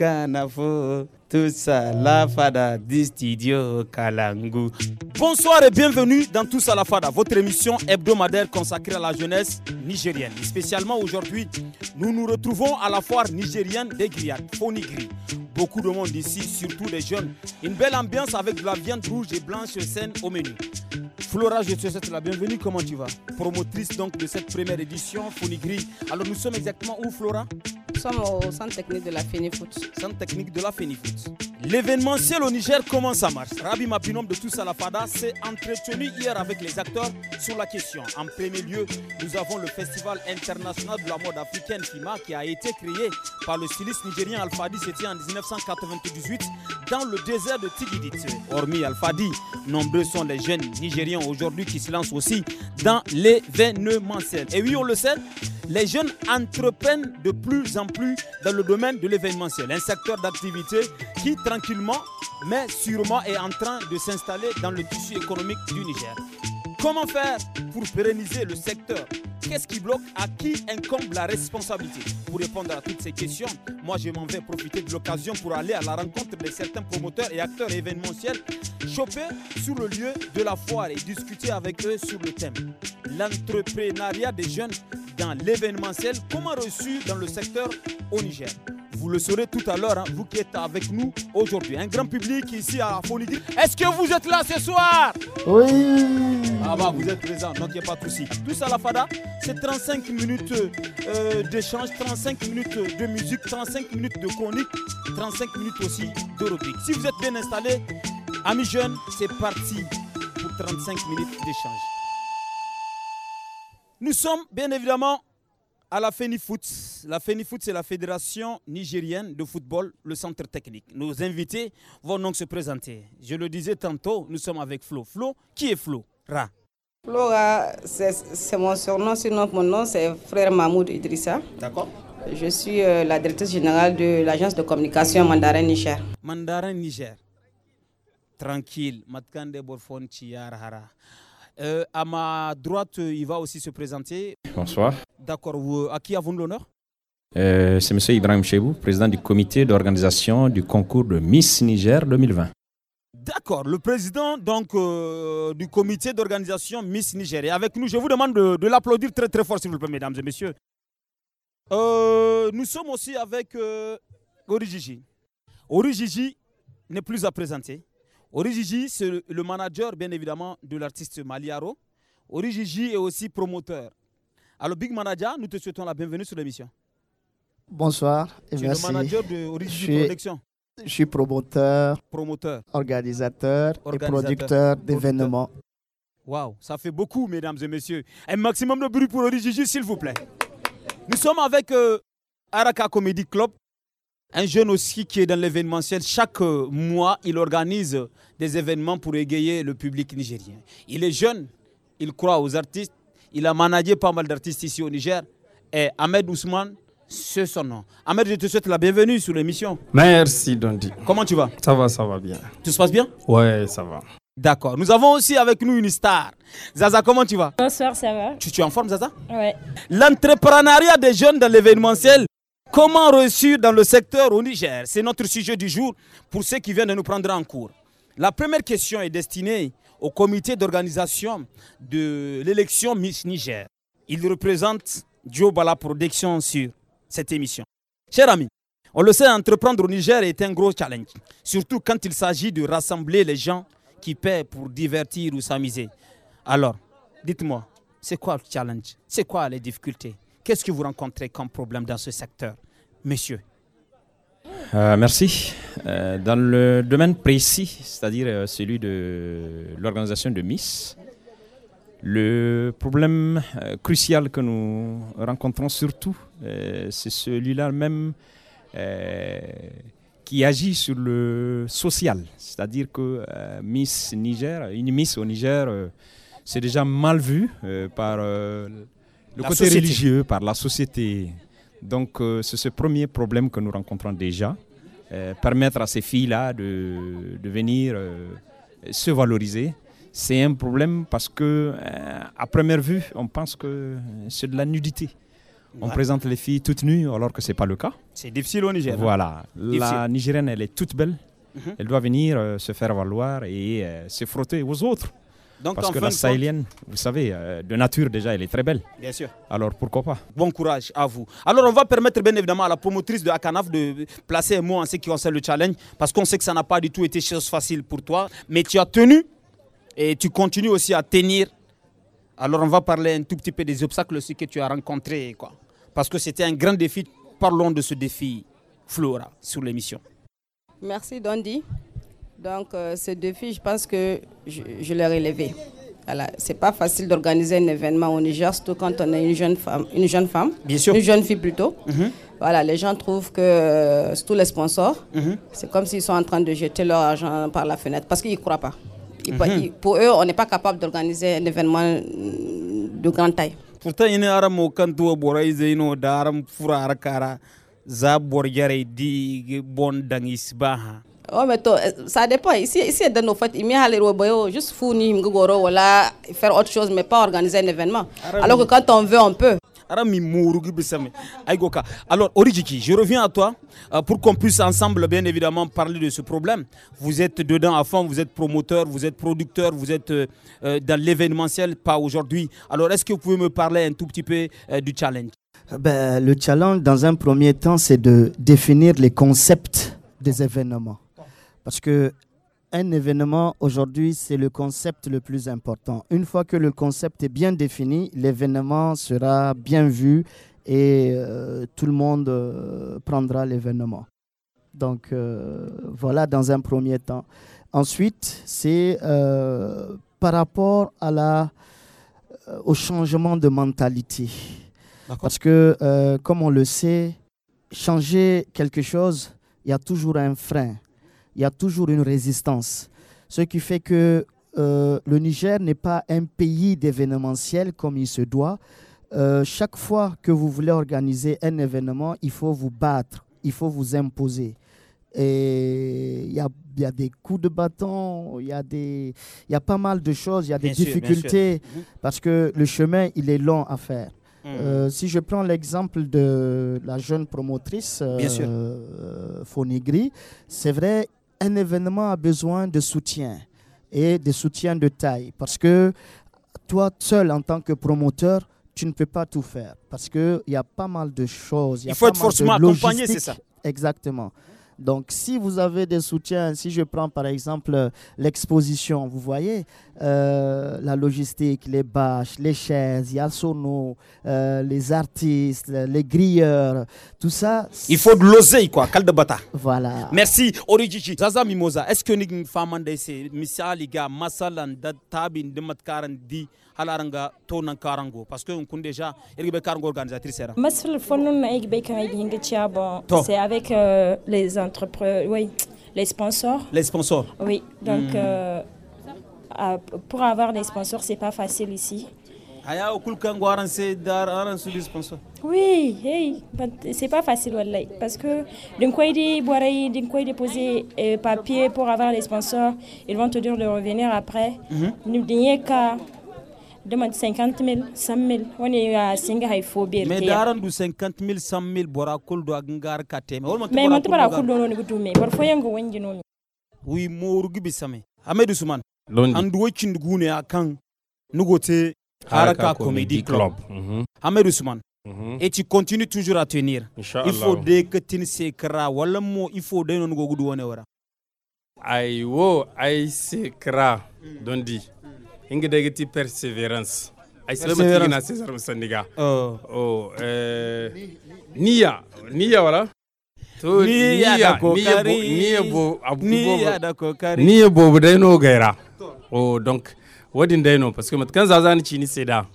nunca vou tous à la Fada du studio Kalangu. Bonsoir et bienvenue dans Tous à la Fada, votre émission hebdomadaire consacrée à la jeunesse nigérienne. spécialement aujourd'hui, nous nous retrouvons à la foire nigérienne des Grillades, Fonigri. Beaucoup de monde ici, surtout les jeunes. Une belle ambiance avec de la viande rouge et blanche saine au menu. Flora, je te souhaite la bienvenue. Comment tu vas Promotrice donc de cette première édition Fonigri. Alors nous sommes exactement où, Flora Nous sommes au centre technique de la Fenifoot. Centre technique de la Fenifoot. L'événementiel au Niger, commence à marche Rabi Mapinom de Tous Fada s'est entretenu hier avec les acteurs sur la question. En premier lieu, nous avons le Festival international de la mode africaine FIMA qui a été créé par le styliste nigérien Alfadi c'était en 1998 dans le désert de Tigidit. Hormis Alfadi, nombreux sont les jeunes nigériens aujourd'hui qui se lancent aussi dans l'événementiel. Et oui, on le sait, les jeunes entreprennent de plus en plus dans le domaine de l'événementiel, un secteur d'activité qui tranquillement mais sûrement est en train de s'installer dans le tissu économique du Niger. Comment faire pour pérenniser le secteur Qu'est-ce qui bloque À qui incombe la responsabilité Pour répondre à toutes ces questions, moi je m'en vais profiter de l'occasion pour aller à la rencontre de certains promoteurs et acteurs événementiels, choper sur le lieu de la foire et discuter avec eux sur le thème. L'entrepreneuriat des jeunes dans l'événementiel, comment reçu dans le secteur au Niger. Vous le saurez tout à l'heure, hein, vous qui êtes avec nous aujourd'hui. Un grand public ici à Folie. Est-ce que vous êtes là ce soir Oui Ah bah vous êtes présent. donc il n'y a pas de souci. Tout à la Fada, c'est 35 minutes euh, d'échange, 35 minutes de musique, 35 minutes de chronique, 35 minutes aussi de rubrique. Si vous êtes bien installé, amis jeunes, c'est parti pour 35 minutes d'échange. Nous sommes bien évidemment à la FENIFOOT. La FENIFOOT, c'est la Fédération nigérienne de football, le centre technique. Nos invités vont donc se présenter. Je le disais tantôt, nous sommes avec Flo. Flo, qui est Flo Ra. Ra, c'est mon surnom, sinon mon nom c'est frère Mahmoud Idrissa. D'accord. Je suis euh, la directrice générale de l'agence de communication Mandarin Niger. Mandarin Niger. Tranquille. Matkande Borfon euh, à ma droite, il va aussi se présenter. Bonsoir. D'accord. À qui avons-nous l'honneur euh, C'est M. Ibrahim Chebou, président du comité d'organisation du concours de Miss Niger 2020. D'accord, le président donc euh, du comité d'organisation Miss Niger Et avec nous. Je vous demande de, l'applaudir très très fort, s'il vous plaît, mesdames et messieurs. nous sommes aussi avec Ori Gigi n'est plus à présenter. Origigi, c'est le manager, bien évidemment, de l'artiste Maliaro. Origigi est aussi promoteur. Alors, Big Manager, nous te souhaitons la bienvenue sur l'émission. Bonsoir et tu suis le manager de Origiji Production. Je suis promoteur, promoteur. Organisateur, et producteur d'événements. Waouh, ça fait beaucoup, mesdames et messieurs. Un maximum de bruit pour Origigi, s'il vous plaît. Nous sommes avec euh, Araka Comedy Club, un jeune aussi qui est dans l'événementiel, chaque euh, mois, il organise des événements pour égayer le public nigérien. Il est jeune, il croit aux artistes, il a managé pas mal d'artistes ici au Niger. Et Ahmed Ousmane, c'est son nom. Ahmed, je te souhaite la bienvenue sur l'émission. Merci Dondi. Comment tu vas Ça va, ça va bien. Tout se passe bien Ouais, ça va. D'accord. Nous avons aussi avec nous une star. Zaza, comment tu vas Bonsoir, ça va. Tu, es en forme, Zaza Ouais. L'entrepreneuriat des jeunes dans l'événementiel, Comment réussir dans le secteur au Niger C'est notre sujet du jour pour ceux qui viennent de nous prendre en cours. La première question est destinée au comité d'organisation de l'élection Miss Niger. Il représente Joe la Production sur cette émission. Cher ami, on le sait, entreprendre au Niger est un gros challenge, surtout quand il s'agit de rassembler les gens qui paient pour divertir ou s'amuser. Alors, dites-moi, c'est quoi le challenge C'est quoi les difficultés Qu'est-ce que vous rencontrez comme problème dans ce secteur, monsieur euh, merci. Euh, dans le domaine précis, c'est-à-dire euh, celui de l'organisation de Miss, le problème crucial que nous rencontrons surtout, c'est celui-là même qui agit sur le social. C'est-à-dire que Miss Niger, une Miss au Niger, c'est déjà mal vu par le côté religieux, par la société. Donc, euh, c'est ce premier problème que nous rencontrons déjà. Euh, permettre à ces filles-là de, de, venir euh, se valoriser, c'est un problème parce que, à première vue, on pense que c'est de la nudité. On présente les filles toutes nues alors que ce n'est pas le cas. C'est difficile au Niger. Hein. Voilà. La Nigérienne, elle est toute belle. Mhm. Elle doit venir se faire valoir et se frotter aux autres. Parce que la sahélienne, vous savez, euh, de nature déjà, elle est très belle. Bien sûr. Alors pourquoi pas Bon courage à vous. Alors on va permettre bien évidemment à la promotrice de Akanaf de placer un mot en ce qui concerne le challenge, parce qu'on sait que ça n'a pas du tout été chose facile pour toi, mais tu as tenu et tu continues aussi à tenir. Alors on va parler un tout petit peu des obstacles aussi que tu as rencontrés, quoi. Parce que c'était un grand défi. Parlons de ce défi, Flora, sur l'émission. Merci Dondi. Donc euh, ces filles je pense que je, les l'ai relevé. Voilà. C'est pas facile d'organiser un événement au Niger, surtout quand on est une jeune femme, une jeune femme, Bien sûr. une jeune fille plutôt. Mhm. Voilà, les gens trouvent que, euh, tous les sponsors, mhm. c'est comme s'ils sont en train de jeter leur argent par la fenêtre parce qu'ils ne croient pas. Mhm. pour eux, on n'est pas capable d'organiser un événement mm, de grande taille. Pourtant, il y a des gens qui Oh, mais ça dépend. Ici, ici, dans nos fêtes, il y a les robots, juste faire autre chose, mais pas organiser un événement. Alors que quand on veut, on peut. Alors, Origiki, je reviens à toi euh, pour qu'on puisse ensemble, bien évidemment, parler de ce problème. Vous êtes dedans à fond, vous êtes promoteur, vous êtes producteur, vous êtes euh, euh, dans l'événementiel, pas aujourd'hui. Alors, est-ce que vous pouvez me parler un tout petit peu du challenge ben, Le challenge, dans un premier temps, c'est de définir les concepts des événements. Parce que un événement aujourd'hui, c'est le concept le plus important. Une fois que le concept est bien défini, l'événement sera bien vu et euh, tout le monde euh, prendra l'événement. Donc euh, voilà dans un premier temps. Ensuite, c'est par rapport à la, au changement de mentalité. Parce que, comme on le sait, changer quelque chose, il y a toujours un frein il y a toujours une résistance. Ce qui fait que euh, le Niger n'est pas un pays d'événementiel comme il se doit. Euh, chaque fois que vous voulez organiser un événement, il faut vous battre, il faut vous imposer. Et il y a, des coups de bâton, il y, a pas mal de choses, il y a des difficultés, mhm. parce que le chemin, il est long à faire. Mhm. Euh, si je prends l'exemple de la jeune promotrice euh, Fonigri, c'est vrai, un événement a besoin de soutien et de soutien de taille parce que toi seul en tant que promoteur, tu ne peux pas tout faire parce qu'il y a pas mal de choses. Il, faut forcément accompagné, c'est ça Exactement. Donc si vous avez des soutiens, si je prends par exemple euh, l'exposition, vous voyez euh, la logistique, les bâches, les chaises, y euh, les artistes, euh, les grilleurs, tout ça. Il faut de l'oseille quoi, bata. Voilà. Merci Zaza Mimosa, est-ce que nous femme des tabin de halaranga tonan karango parce que on kun déjà irbe karango organisatrice era masfal kan hinga bon c'est avec euh, les entrepreneurs oui les sponsors les sponsors oui donc hmm. euh, pour avoir des sponsors c'est pas facile ici aya okul waran se dar aranse des sponsors oui hey c'est pas facile wallahi parce que d'un quoi ils boiraient d'un quoi ils déposer euh, papier pour avoir les sponsors ils vont te dire de revenir après mm -hmm. demande 50 000 100 000 woni ya singa hay fo ber mais daran du 50 000 100 000 bora kul do agngar kateme wol mais man tabara kul do non gudu me par fo yango wonji non mi wi moru gibi same amadou souman londi andu wocin gune kan nugote haraka comedy club mhm. amedou suman mhm. et tu continues toujours à tenir il faut de que tu ne kra wala mo il faut de non go gudu wona wara ay wo ay se kra mm. dondi inga dagiti perseverance ay salama tigina cesar musandiga oh oh eh niya niya wala to niya niya niya bo abu niya da kokari niya bo budai no gaira oh donc wadi dai no parce que zaza ni chini seda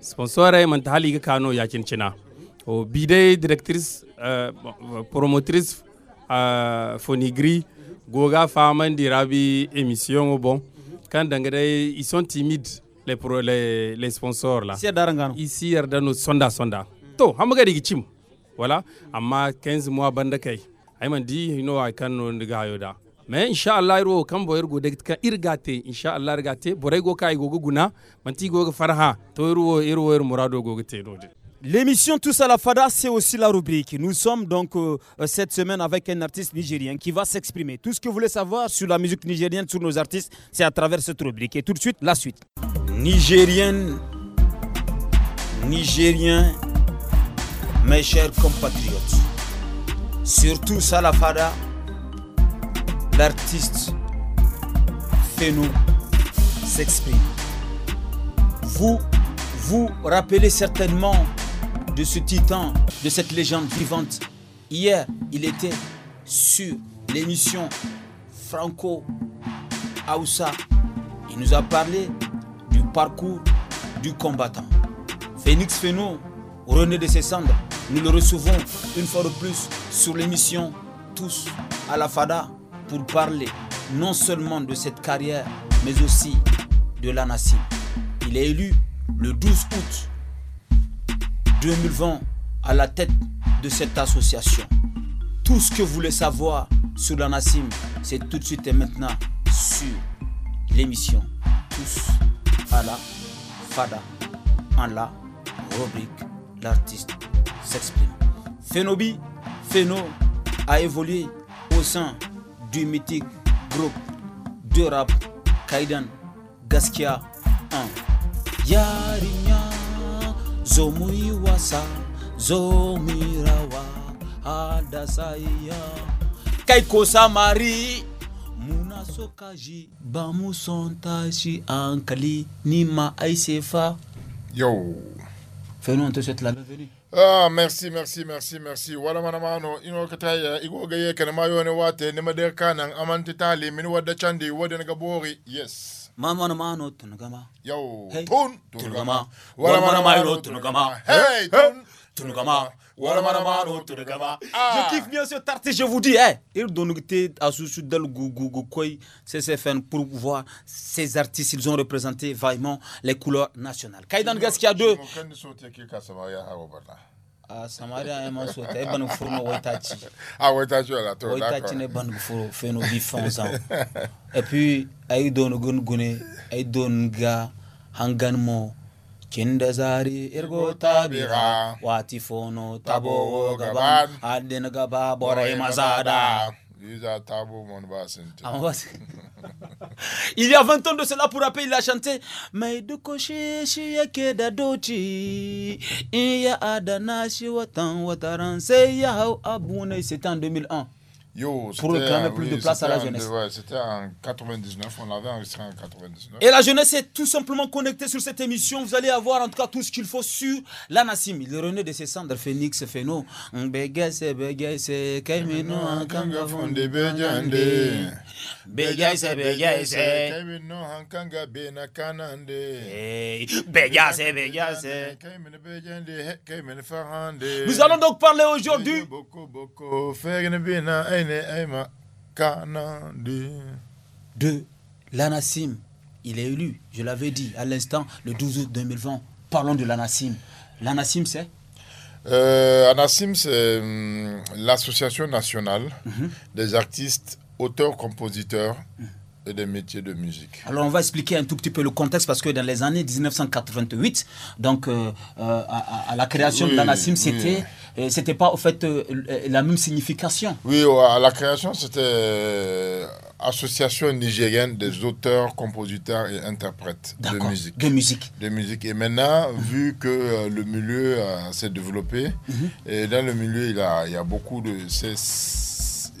sponsor ay man tahali ga kano yakin cina oh bidai directrice eh, promotrice ah, fonigri goga faman rabi émission bon quand d'engrais, ils sont timides, les, pro, les, les sponsors là. Ici, Ardano, sonda, sonda. To, hamagari gichim. Voilà, amma 15 mois bandakai. Ayman di, you know, I can no ndiga yoda. Mais inshallah iro kan boyar go daga kan irgate inshallah irgate borai go kai go guna manti go farha to iro iro iro murado go gite do L'émission Tous à la Fada, c'est aussi la rubrique. Nous sommes donc euh, cette semaine avec un artiste nigérien qui va s'exprimer. Tout ce que vous voulez savoir sur la musique nigérienne, sur nos artistes, c'est à travers cette rubrique. Et tout de suite, la suite. Nigérienne, Nigérien, mes chers compatriotes, Sur la Fada l'artiste nous s'exprime. Vous, vous rappelez certainement de ce titan, de cette légende vivante. Hier, il était sur l'émission Franco Aoussa. Il nous a parlé du parcours du combattant. Phoenix Feno, René de Sessandre, nous le recevons une fois de plus sur l'émission Tous à la Fada pour parler non seulement de cette carrière, mais aussi de la nation. Il est élu le 12 août 2020 à la tête de cette association. Tout ce que vous voulez savoir sur la Nassim, c'est tout de suite et maintenant sur l'émission Tous à la Fada en la rubrique L'artiste s'exprime. Phenobi, Feno, a évolué au sein du mythique groupe de rap Kaidan Gaskia 1. Yarinya zomuiwasa zomirawa adasaiya kaikosa Samari, munasokaji bamusontaji ankali nima aisefa yo fenu on te la bienvenue Ah, merci, merci, merci, merci. Wala mana mano, ino kataya, gaye kana mayo ne wate, ne madeka nan amante tali, min wada chandi, wadda gabori. Yes. Mamana mano tunugama. Yo. Hey. Tun tunugama. Waramana mano tunugama. Hey. Tun tunugama. Waramana mano tunugama. Je ah. kiffe bien ce tarté, je vous dis. Eh, il donne à sous del gougou koi CCFN pour voir ces artistes, ils ont représenté vaillement les couleurs nationales. Kaidan Gaskia 2. a samariya ye ma sota e bani furu no waitaci a waitaci wala to ne bani furu feno bi fɛn san et puis ay don gun gune ay don ga hangan mo kinda zari irgo tabira tabo gaban gaba borai mazada Ah, il y a 20 ans de cela, pour rappeler, il a chanté C'est en 2001. Yo, pour donner plus de place à la jeunesse. Ouais, c'était en 99, on l'avait enregistré en 99. Et la jeunesse est tout simplement connectée sur cette émission. Vous allez avoir en tout cas tout ce qu'il faut sur la Nassim. Le René de ses cendres, Phoenix, Feno. Nous allons donc parler aujourd'hui de l'ANASIM. Il est élu, je l'avais dit à l'instant, le 12 août 2020. Parlons de l'ANASIM. L'ANASIM, c'est euh, c'est hum, l'Association nationale mhm. des artistes auteurs-compositeurs mhm et des métiers de musique. Alors on va expliquer un tout petit peu le contexte parce que dans les années 1988, donc euh, euh, à, la création de l'ANASIM, c'était euh, c'était pas au fait la même signification. Oui, à la création c'était association nigérienne des auteurs, compositeurs et interprètes de musique. De musique. De musique. Et maintenant, mhm. vu que le milieu s'est développé, mhm. et dans le milieu il y a, il y a beaucoup de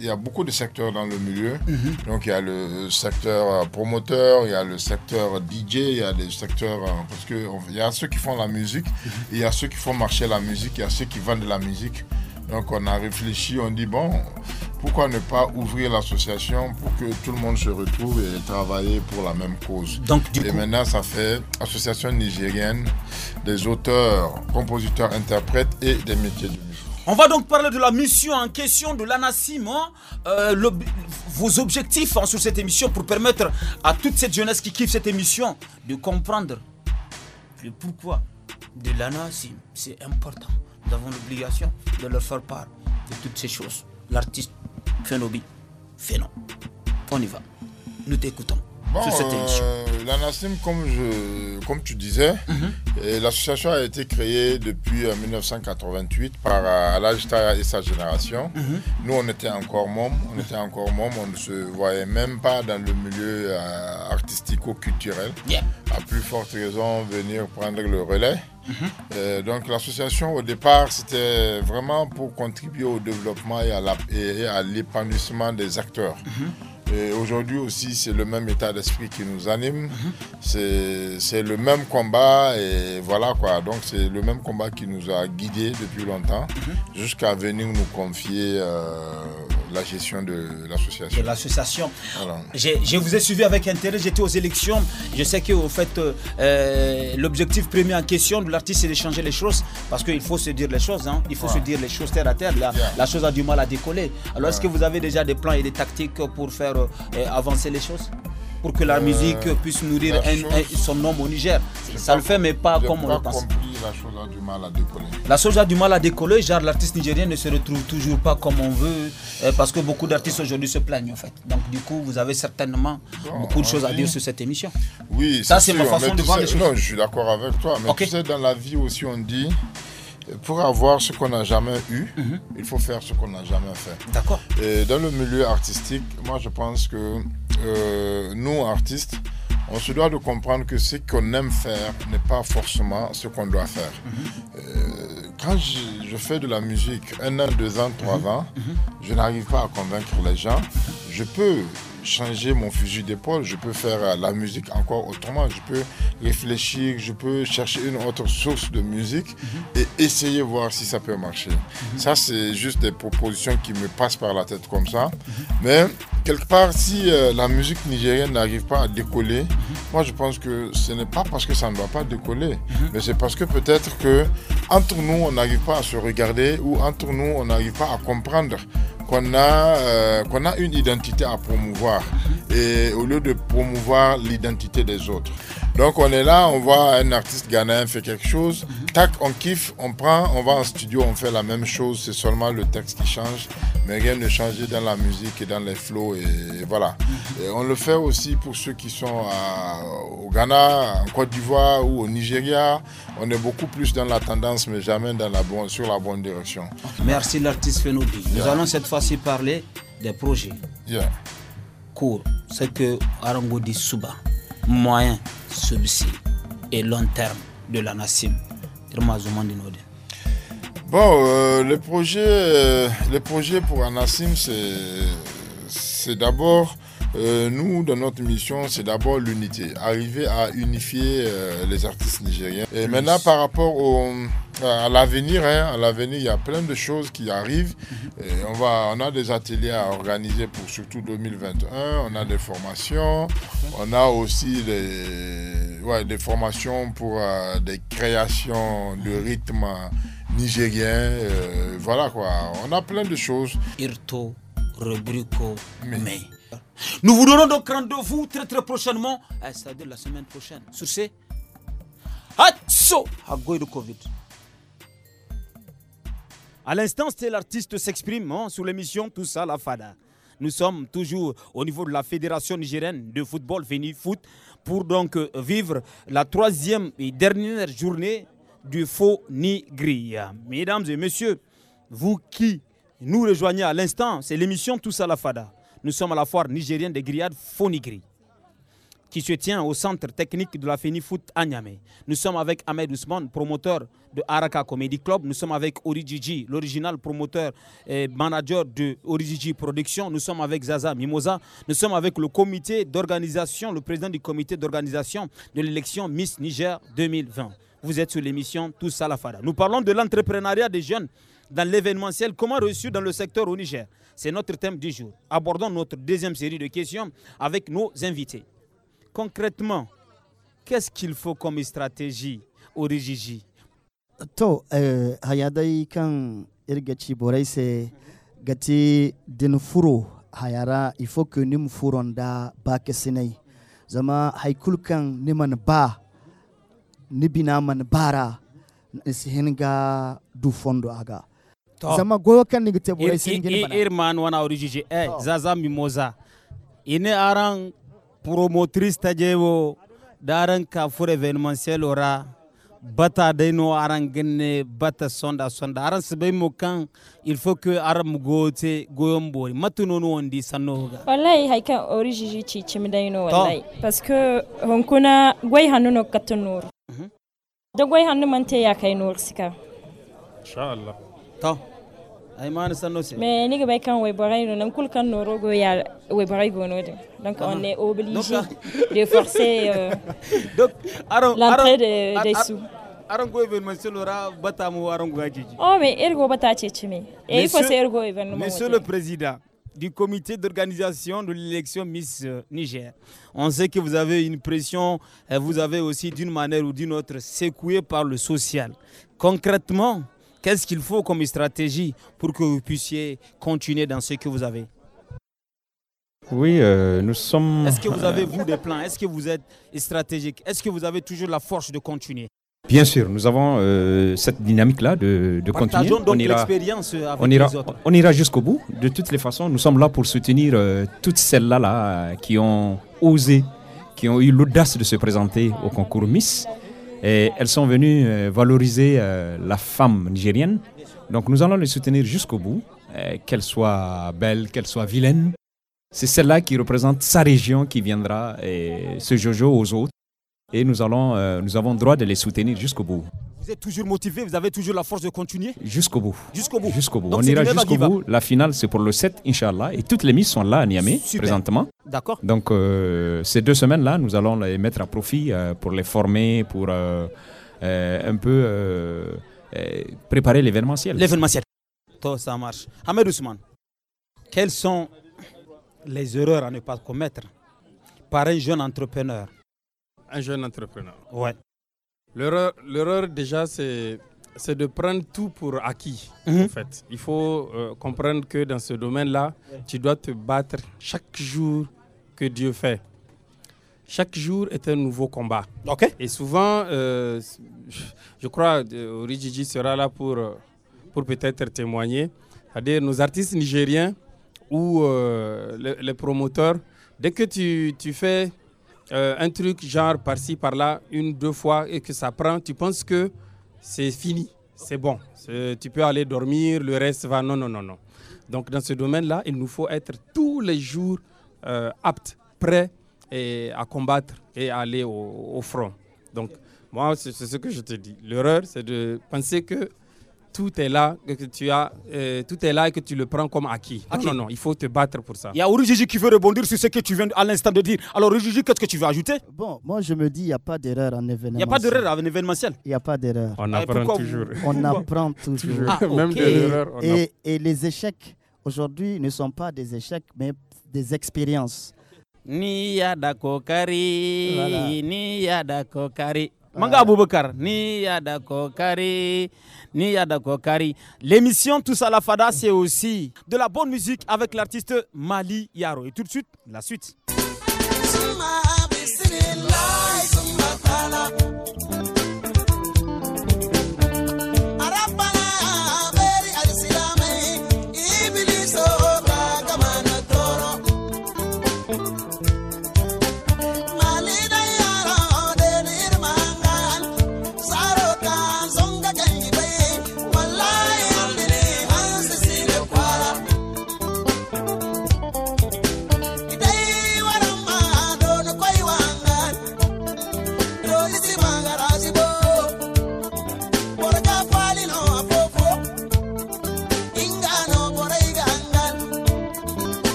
il y a beaucoup de secteurs dans le milieu. Mhm. Donc il y a le secteur euh, promoteur, il y a le secteur DJ, il y a des secteurs euh, parce que il y a ceux qui font la musique, mhm. il y a ceux qui font marcher la musique, il y a ceux qui vendent de la musique. Donc on a réfléchi, on dit bon, pourquoi ne pas ouvrir l'association pour que tout le monde se retrouve et travailler pour la même cause. Donc, et maintenant, ça fait Association nigérienne des auteurs, compositeurs, interprètes et des métiers du on va donc parler de la mission en question de l'ANASIM, hein. euh, vos objectifs hein, sur cette émission pour permettre à toute cette jeunesse qui kiffe cette émission de comprendre le pourquoi de l'ANASIM. C'est important. Nous avons l'obligation de leur faire part de toutes ces choses. L'artiste fait non, On y va. Nous t'écoutons bon, euh, La NASIM, comme, comme tu disais, mhm. euh, l'association a été créée depuis 1988 euh, par Alajta et sa génération. Mhm. Nous, on était encore membres. on était encore on ne se voyait même pas dans le milieu artistico-culturel. À plus forte raison, venir prendre le relais. Mhm. donc l'association au départ c'était vraiment pour contribuer au développement et à l'épanouissement des acteurs aujourd'hui aussi, c'est le même état d'esprit qui nous anime. C'est le même combat et voilà quoi. Donc c'est le même combat qui nous a guidés depuis longtemps jusqu'à venir nous confier euh, la gestion de l'association. De l'association. Je vous ai suivi avec intérêt, j'étais aux élections. Je sais que, au fait, euh, euh, l'objectif premier en question de l'artiste, c'est de changer les choses parce qu'il faut se dire les choses. Hein. Il faut se dire les choses terre à terre. La, chose a du mal à décoller. Alors, est-ce que vous avez déjà des plans et des tactiques pour faire euh, avancer les choses pour que la euh, musique puisse nourrir son nom au Niger. Ça le fait, mais pas comme on le pense. La chose a du mal à décoller. La genre l'artiste nigérien ne se retrouve toujours pas comme on veut, euh, parce que beaucoup d'artistes aujourd'hui se plaignent en fait. Donc du coup, vous avez certainement beaucoup de choses à dire sur cette émission. Oui, ça c'est ma façon de voir Non, je suis d'accord avec toi, mais tu dans la vie aussi on dit, pour avoir ce qu'on n'a jamais eu, mhm. il faut faire ce qu'on n'a jamais fait. D'accord. Dans le milieu artistique, moi je pense que euh, nous, artistes, on se doit de comprendre que ce qu'on aime faire n'est pas forcément ce qu'on doit faire. Mhm. Euh, quand je, fais de la musique un an, deux ans, trois mhm. ans, je n'arrive pas à convaincre les gens. Je peux changer mon fusil d'épaule, je peux faire euh, la musique encore autrement, je peux réfléchir, je peux chercher une autre source de musique mhm. et essayer voir si ça peut marcher. Mhm. Ça, c'est juste des propositions qui me passent par la tête comme ça. Mhm. Mais quelque part, si euh, la musique nigérienne n'arrive pas à décoller, moi je pense que ce n'est pas parce que ça ne va pas décoller, mais c'est parce que peut-être que entre nous, on n'arrive pas à se regarder ou entre nous, on n'arrive pas à comprendre qu'on a, euh, qu'on a une identité à promouvoir et au lieu de promouvoir l'identité des autres. Donc on est là, on voit un artiste ghanéen fait quelque chose, tac, on kiffe, on prend, on va en studio, on fait la même chose, c'est seulement le texte qui change, mais rien ne change dans la musique et dans les flots et voilà. on le fait aussi pour ceux qui sont au Ghana, en Côte d'Ivoire ou au Nigeria. On est beaucoup plus dans la tendance, mais jamais dans la sur la bonne direction. Merci l'artiste Fenobi. Nous allons cette fois-ci parler des projets. Yeah court, ce que Arango dit Souba, moyen, sub et long terme de la NASIM Bon, euh, le, projet, euh, le projet pour Anassim, c'est d'abord euh, nous, dans notre mission, c'est d'abord l'unité, arriver à unifier euh, les artistes nigériens. Et maintenant, par rapport au, à l'avenir, hein, à l'avenir, il y a plein de choses qui arrivent. Mhm. on, va, on a des ateliers à organiser pour surtout 2021. On a des formations. On a aussi des, des formations pour euh, des créations de rythme nigérien. voilà quoi. On a plein de choses. Irto, nous vous donnons donc rendez-vous très très prochainement, eh, c'est-à-dire la semaine prochaine. Sur ce, Hatso de Covid. À l'instant, c'est l'artiste s'exprime hein, sur l'émission Tout ça, la Fada. Nous sommes toujours au niveau de la Fédération nigérienne de football, Fini Foot, pour donc euh, vivre la troisième et dernière journée du faux Nigri. Mesdames et messieurs, vous qui nous rejoignez à l'instant, c'est l'émission Tout ça la Fada nous sommes à la foire nigérienne des grillades Fonigri qui se tient au centre technique de la Fenifoot à Niamey. Nous sommes avec Ahmed Ousmane, promoteur de Araka Comedy Club. Nous sommes avec Origigi, l'original promoteur et manager de Origigi Productions. Nous sommes avec Zaza Mimosa. Nous sommes avec le comité d'organisation, le président du comité d'organisation de l'élection Miss Niger 2020. Vous êtes sur l'émission Tous à la Fada. Nous parlons de l'entrepreneuriat des jeunes dans l'événementiel. Comment reçu dans le secteur au Niger c'est notre thème du jour. Abordons notre deuxième série de questions avec nos invités. Concrètement, qu'est-ce qu'il faut comme stratégie au Rigiji To, eh, hayadai kan irgaci borai se gati denfuro hayara. Il faut que nous furon da ba kesinai zama haikul kan niman ba nibina bara nisihin du fondo aga zama goyo kan ni gite bure sin gin bana irman man wana origine eh zaza mimosa ine aran promotrice ta jewo daran ka fure événementiel ora bata dayno aran genne bata sonda sonda aran sibe mo kan il faut que aran mo gote goyon bori matuno no ndi sanno ga wallahi hay kan origine ci ci mi dayno wallahi parce que hon kuna gwai hanuno katunur mhm. da gwai hanu man te ya kai nur sika insha Allah to ay maani mais ni bay e kan way e boray e no nam kul kan no rogo ya way boray go no de donc on est obligé ah. de forcer euh, donc aron aron des de sous aron go événement sur le bata aron go ajiji oh mais ergo bata chechimi et il ergo monsieur le président du comité d'organisation de l'élection Miss euh, Niger. On sait que vous avez une pression, vous avez aussi d'une manière ou d'une autre secoué par le social. Concrètement, Qu'est-ce qu'il faut comme stratégie pour que vous puissiez continuer dans ce que vous avez oui, euh, nous sommes. Est-ce que vous avez, vous, des plans Est-ce que vous êtes stratégique Est-ce que vous avez toujours la force de continuer Bien sûr, nous avons euh, cette dynamique-là de, continuer. Donc on ira, avec on ira, On ira jusqu'au bout. De toutes les façons, nous sommes là pour soutenir euh, toutes celles-là là, qui ont osé, qui ont eu l'audace de se présenter au concours Miss. Et elles sont venues euh, valoriser euh, la femme nigérienne. Donc nous allons les soutenir jusqu'au bout, euh, qu'elle soit belle, qu'elle soit vilaine. C'est celle-là qui représente sa région qui viendra et ce Jojo aux autres et nous, allons, euh, nous avons le droit de les soutenir jusqu'au bout. Vous êtes toujours motivé, vous avez toujours la force de continuer Jusqu'au bout. Jusqu'au bout. Jusqu'au bout. On ira jusqu'au bout. La finale, c'est pour le 7, Inch'Allah. Et toutes les mises sont là à Niamey, présentement. D'accord. Donc, euh, ces deux semaines-là, nous allons les mettre à profit euh, pour les former, pour un peu préparer l'événementiel. L'événementiel. Ça marche. Ahmed Ousmane, quelles sont les erreurs à ne pas commettre par un jeune entrepreneur un jeune entrepreneur. Ouais. L'erreur, déjà, c'est, c'est de prendre tout pour acquis. En mhm. fait, il faut euh, comprendre que dans ce domaine-là, tu dois te battre chaque jour que Dieu fait. Chaque jour est un nouveau combat. Ok. Et souvent, euh, je crois, que euh, Origigi sera là pour, pour peut-être témoigner. C'est-à-dire, nos artistes nigériens ou les, les promoteurs, dès que tu, tu fais euh, un truc genre par-ci, par-là, une, deux fois, et que ça prend, tu penses que c'est fini, c'est bon, tu peux aller dormir, le reste va. Non, non, non, non. Donc dans ce domaine-là, il nous faut être tous les jours euh, aptes, prêts et à combattre et à aller au, au front. Donc moi, c'est ce que je te dis. L'erreur, c'est de penser que tout est là, que tu as, euh, tout est là et que tu le prends comme acquis. Non, non, il faut te battre pour ça. Il y a Orujiji qui veut rebondir sur ce que tu viens à l'instant de dire. Alors Orujiji, qu'est-ce que tu veux ajouter Bon, moi je me dis, il n'y a pas d'erreur en événementiel. Il n'y a pas d'erreur en événementiel Il n'y a pas d'erreur. On, eh, apprend toujours. On apprend toujours. Ah, Même Et, et les échecs, aujourd'hui, ne sont pas des échecs, mais des expériences. Ni da kokari, ni da kokari. Manga ah. Boubakar. ni Yadako Kari, ni Kari. L'émission Tous à la Fada, c'est aussi de la bonne musique avec l'artiste Mali Yaro. Et tout de suite, la suite.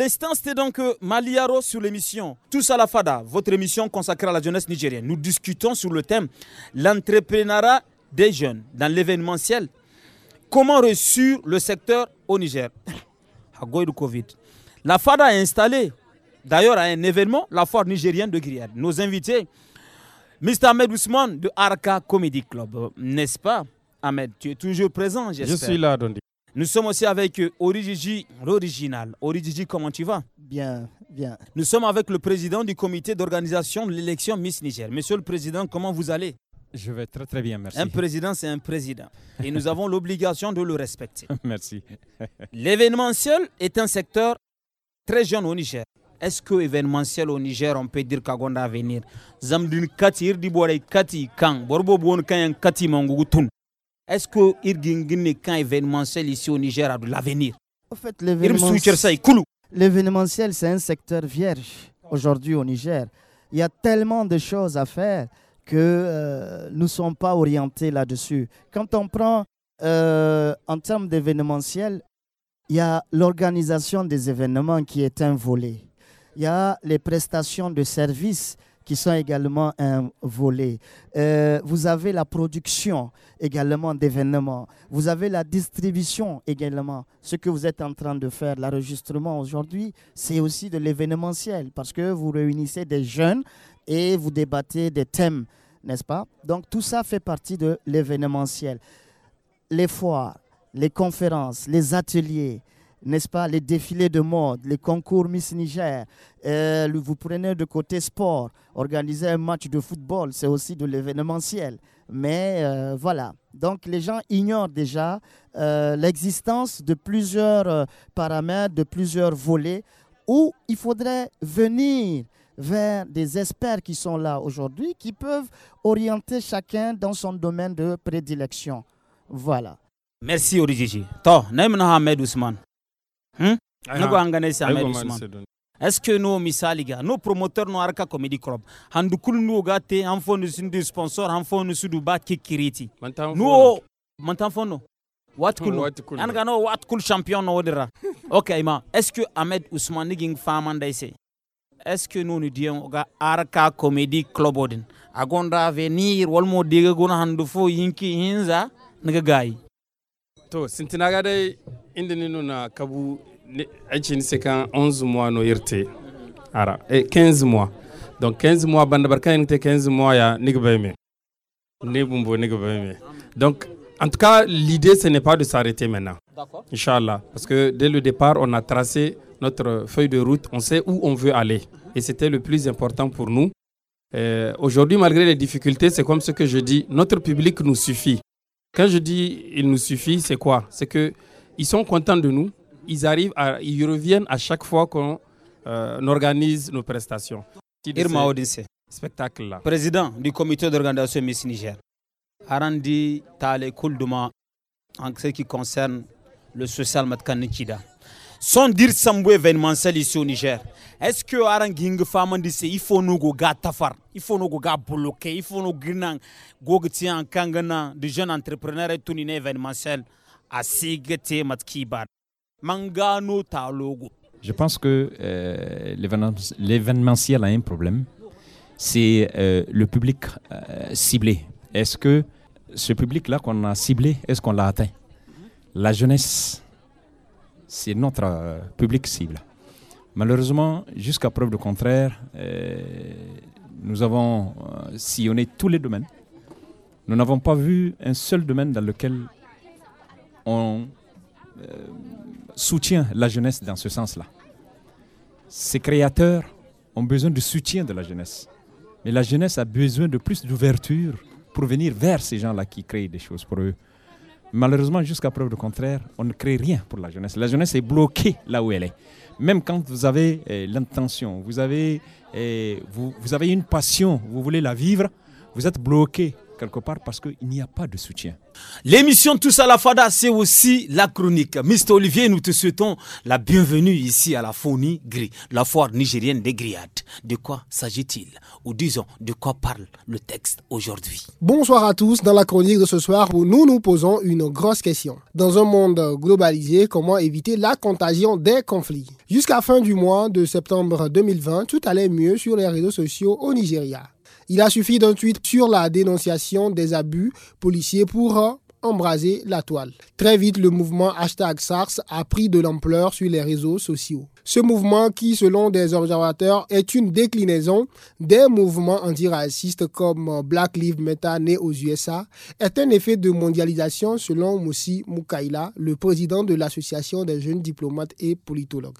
l'instant, c'était donc euh, Maliaro sur l'émission Tous à la Fada, votre émission consacrée à la jeunesse nigérienne. Nous discutons sur le thème l'entrepreneuriat des jeunes dans l'événementiel. Comment reçu le secteur au Niger À Covid. La Fada a installé d'ailleurs à un événement la foire nigérienne de Griade. Nos invités, Mr. Ahmed Ousmane de Arca Comedy Club, euh, n'est-ce pas Ahmed, tu es toujours présent, j'espère. Je suis là, Dondi. Nous sommes aussi avec euh, Origigi, l'original. Origigi, comment tu vas Bien, bien. Nous sommes avec le président du comité d'organisation de l'élection Miss Niger. Monsieur le président, comment vous allez je vais très très bien, merci. Un président, c'est un président. Et nous avons l'obligation de le respecter. Merci. L'événementiel est un secteur très jeune au Niger. Est-ce que événementiel au Niger, on peut dire qu'Agonda à venir Zamdin Kati, Irdi Kati, Borbo Kati, est-ce que est camp événementiel ici au Niger a de l'avenir Au fait, l'événementiel, c'est un secteur vierge aujourd'hui au Niger. Il y a tellement de choses à faire que euh, nous ne sommes pas orientés là-dessus. Quand on prend euh, en termes d'événementiel, il y a l'organisation des événements qui est un volet. Il y a les prestations de services qui sont également un volet. Euh, vous avez la production également d'événements. Vous avez la distribution également. Ce que vous êtes en train de faire, l'enregistrement aujourd'hui, c'est aussi de l'événementiel parce que vous réunissez des jeunes et vous débattez des thèmes, n'est-ce pas Donc tout ça fait partie de l'événementiel. Les foires, les conférences, les ateliers, n'est-ce pas, les défilés de mode, les concours Miss Niger, euh, vous prenez de côté sport, organiser un match de football, c'est aussi de l'événementiel. Mais euh, voilà, donc les gens ignorent déjà euh, l'existence de plusieurs paramètres, de plusieurs volets, où il faudrait venir vers des experts qui sont là aujourd'hui, qui peuvent orienter chacun dans son domaine de prédilection. Voilà. Merci Origigi. nego angana samed ousmane est ce que no misali ga no promoteur no arka comedy club handu kul kulnu ga te han fonu sindu sponsor han fonu sudu ba kikiriti no mantan fono wat kul an ga no wat kul champion no wodira Okay ma est ce que ahmed ousmane ging famanda se est ce que noni diyen ga arka comedy club odin agonda avenir walmo diga gona handu fo yinki hinza naga gayi to ga dai Nous avons nuna kabu 11 mois no ara et 15 mois donc 15 mois banda barkan 15 mois ya ne donc en tout cas l'idée ce n'est pas de s'arrêter maintenant Inch'Allah. Parce que dès le départ, on a tracé notre feuille de route. On sait où on veut aller. Et c'était le plus important pour nous. Euh, Aujourd'hui, malgré les difficultés, c'est comme ce que je dis. Notre public nous suffit. Quand je dis il nous suffit, c'est quoi C'est que ils sont contents de nous. Ils arrivent, à, ils reviennent à chaque fois qu'on euh, organise nos prestations. Irma Odissé, spectacle là. Président du comité d'organisation Miss Niger. Arandi Tale Kulduma en ce qui concerne le social Nikida. Sans dire Sambou événementiel ici au Niger, est-ce que Aranging dit il faut nous gatafar, il faut nous goga bloquer, il faut nous grinang, en kangana, de jeunes entrepreneurs et tout événementiel je pense que euh, l'événementiel a un problème. C'est euh, le public euh, ciblé. Est-ce que ce public-là qu'on a ciblé, est-ce qu'on l'a atteint La jeunesse, c'est notre public cible. Malheureusement, jusqu'à preuve du contraire, nous avons sillonné tous les domaines. Nous n'avons pas vu un seul domaine dans lequel on euh, soutient la jeunesse dans ce sens-là. Ces créateurs ont besoin du soutien de la jeunesse. Mais la jeunesse a besoin de plus d'ouverture pour venir vers ces gens-là qui créent des choses pour eux. Malheureusement, jusqu'à preuve du contraire, on ne crée rien pour la jeunesse. La jeunesse est bloquée là où elle est. Même quand vous avez eh, l'intention, vous avez, eh, vous, avez une passion, vous voulez la vivre, vous êtes bloqué quelque part parce qu'il n'y a pas de soutien. L'émission Tous à la Fada, c'est aussi la chronique. Mr. Olivier, nous te souhaitons la bienvenue ici à la Fournie Gris, la foire nigérienne des griades. De quoi s'agit-il Ou disons, de quoi parle le texte aujourd'hui Bonsoir à tous. Dans la chronique de ce soir, où nous nous posons une grosse question. Dans un monde globalisé, comment éviter la contagion des conflits Jusqu'à fin du mois de septembre 2020, tout allait mieux sur les réseaux sociaux au Nigeria. Il a suffi d'un tweet sur la dénonciation des abus policiers pour euh, embraser la toile. Très vite, le mouvement hashtag SARS a pris de l'ampleur sur les réseaux sociaux. Ce mouvement qui, selon des observateurs, est une déclinaison des mouvements antiracistes comme euh, Black Lives Matter né aux USA, est un effet de mondialisation selon Moussi Moukaila, le président de l'Association des jeunes diplomates et politologues.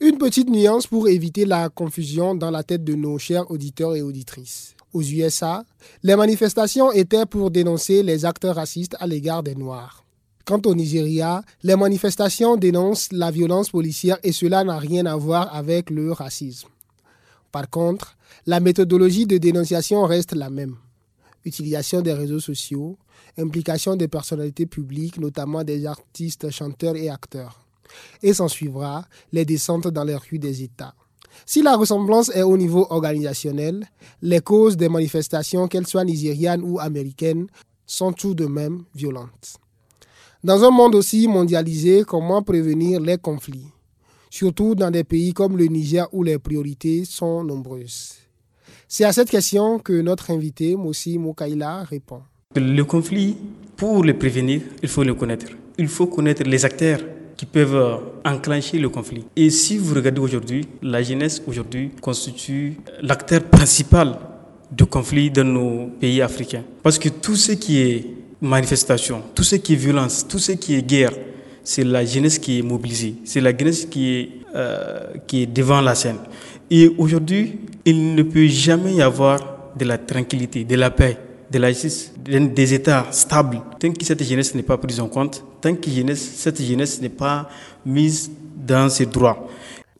Une petite nuance pour éviter la confusion dans la tête de nos chers auditeurs et auditrices aux USA, les manifestations étaient pour dénoncer les actes racistes à l'égard des Noirs. Quant au Nigeria, les manifestations dénoncent la violence policière et cela n'a rien à voir avec le racisme. Par contre, la méthodologie de dénonciation reste la même. Utilisation des réseaux sociaux, implication des personnalités publiques, notamment des artistes, chanteurs et acteurs. Et s'en suivra les descentes dans les rues des États. Si la ressemblance est au niveau organisationnel, les causes des manifestations, qu'elles soient nigérianes ou américaines, sont tout de même violentes. Dans un monde aussi mondialisé, comment prévenir les conflits Surtout dans des pays comme le Niger où les priorités sont nombreuses. C'est à cette question que notre invité Moussi Mokaila répond. Le conflit, pour le prévenir, il faut le connaître. Il faut connaître les acteurs qui peuvent euh, enclencher le conflit. Et si vous regardez aujourd'hui, la jeunesse aujourd'hui constitue euh, l'acteur principal du conflit dans nos pays africains. Parce que tout ce qui est manifestation, tout ce qui est violence, tout ce qui est guerre, c'est la jeunesse qui est mobilisée, c'est la jeunesse qui est, euh, qui est devant la scène. Et aujourd'hui, il ne peut jamais y avoir de la tranquillité, de la paix de l'ISIS des États stables. Tant que cette jeunesse n'est pas prise en compte, tant que jeunesse, cette jeunesse n'est pas mise dans ses droits.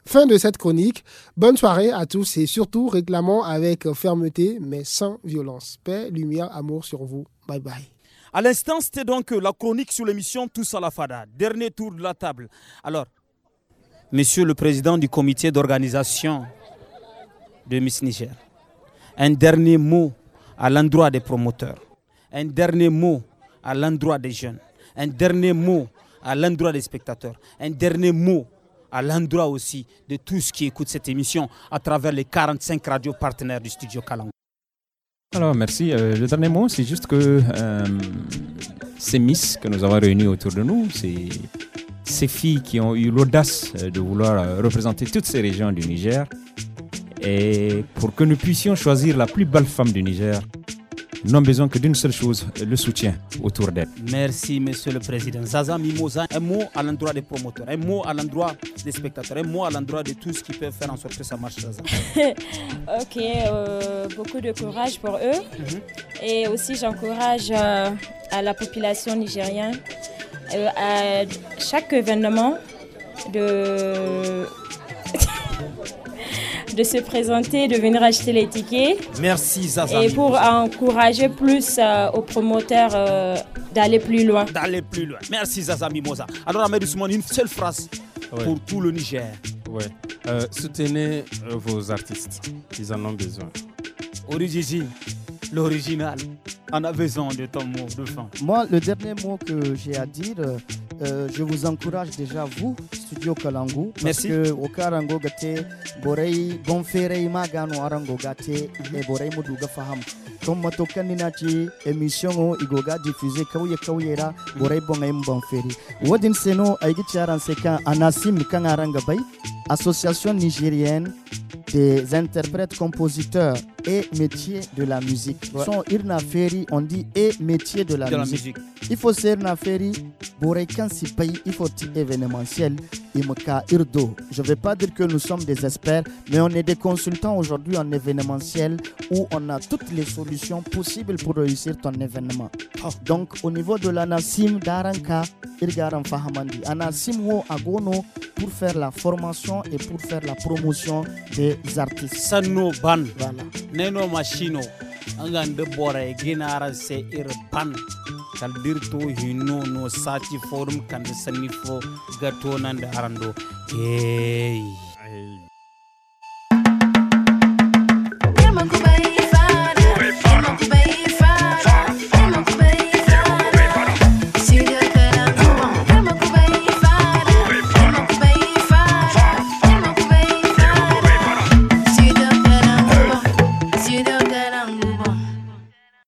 Fin de cette chronique. Bonne soirée à tous et surtout réclamons avec fermeté mais sans violence. Paix, lumière, amour sur vous. Bye bye. À l'instant, c'était donc la chronique sur l'émission Tous à la Fada. Dernier tour de la table. Alors, monsieur le président du comité d'organisation de Miss Niger, un dernier mot à l'endroit des promoteurs, un dernier mot à l'endroit des jeunes, un dernier mot à l'endroit des spectateurs, un dernier mot à l'endroit aussi de tous ceux qui écoutent cette émission à travers les 45 radios partenaires du studio Calango. Alors merci. Euh, le dernier mot, c'est juste que euh, ces Miss que nous avons réunies autour de nous, ces filles qui ont eu l'audace euh, de vouloir représenter toutes ces régions du Niger, et pour que nous puissions choisir la plus belle femme du Niger, nous n'avons besoin que d'une seule chose, le soutien autour d'elle. Merci, Monsieur le Président. Zaza Mimosa, un mot à l'endroit des promoteurs, un mot à l'endroit des spectateurs, un mot à l'endroit de tous qui peuvent faire en sorte que ça marche, Zaza. ok, euh, beaucoup de courage pour eux. Mhm. Et aussi, j'encourage euh, à la population nigérienne, euh, à chaque événement, de de se présenter, de venir acheter les tickets. Merci Zaza. Et pour encourager plus euh, aux promoteurs euh, d'aller plus loin. D'aller plus loin. Merci Zaza Moza. Alors Ahmed Doucement, une seule phrase pour tout le Niger. Oui. Euh, soutenez vos artistes. Ils en ont besoin l'original, en besoin de ton mot de fin. Moi, le dernier mot que j'ai à dire, euh, je vous encourage déjà, vous, Studio Kalangu. Parce que Okarango Gate, Borei, Bonferei Magano Arango Gate, mhm. et Borei Moduga Faham. Comme Matokani Nachi, émission Igoga diffusée, Kauye Kawyera, mhm. Borei Bongaim Bonferi. Wadin Seno, Aigicharan Sekan, Anasim Kangaranga Bay, Association nigérienne des interprètes compositeurs et métier de la musique. Son irna on dit et métier de la, musique. Il faut se Pour borekan si pays, il faut événementiel, irdo. Je ne vais pas dire que nous sommes des experts, mais on est des consultants aujourd'hui en événementiel où on a toutes les solutions possibles pour réussir ton événement. Ah. Donc au niveau de l'anasim daranka, irgaran fahamandi. Anasim wo agono pour faire la formation et pour faire la promotion des artistes. Sano Voilà. neno machino angande bore ginara se ir e pan dir to hinno no sati forum kande sanifo gato nande arando ey